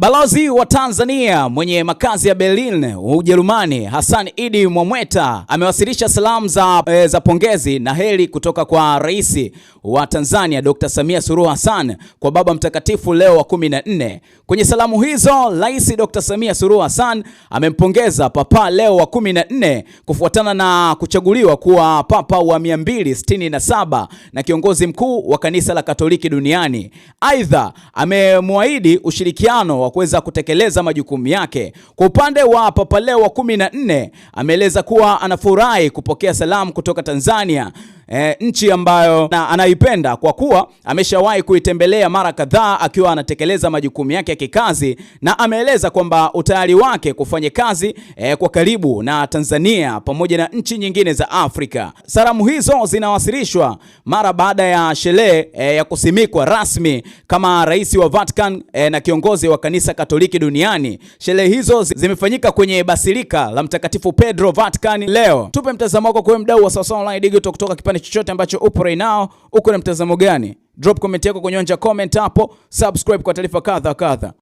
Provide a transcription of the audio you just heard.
Balozi wa Tanzania mwenye makazi ya Berlin, Ujerumani, Hassan Idi Mwamweta amewasilisha salamu za, e, za pongezi na heri kutoka kwa Rais wa Tanzania Dr. Samia Suluhu Hassan kwa Baba Mtakatifu Leo wa 14. Kwenye salamu hizo, Rais Dr. Samia Suluhu Hassan amempongeza Papa Leo wa 14 kufuatana na kuchaguliwa kuwa Papa wa 267 na kiongozi mkuu wa kanisa la Katoliki duniani. Aidha, amemwaahidi ushirikiano wa kuweza kutekeleza majukumu yake. Kwa upande wa Papa Leo wa 14 ameeleza kuwa anafurahi kupokea salamu kutoka Tanzania eh, nchi ambayo na anaipenda kwa kuwa ameshawahi kuitembelea mara kadhaa akiwa anatekeleza majukumu yake ya kikazi, na ameeleza kwamba utayari wake kufanya kazi eh, kwa karibu na Tanzania pamoja na nchi nyingine za Afrika. Salamu hizo zinawasilishwa mara baada ya sherehe eh, ya kusimikwa rasmi kama rais wa Vatican eh, na kiongozi wa kanisa Katoliki duniani. Sherehe hizo zimefanyika kwenye basilika la Mtakatifu Pedro Vatican leo. Tupe mtazamo wako kwa mdau wa Sawasawa Online Digital kutoka kipande chochote ambacho upo right now, uko na mtazamo gani? Drop comment yako kwenye onja comment hapo, subscribe kwa taarifa kadha kadha.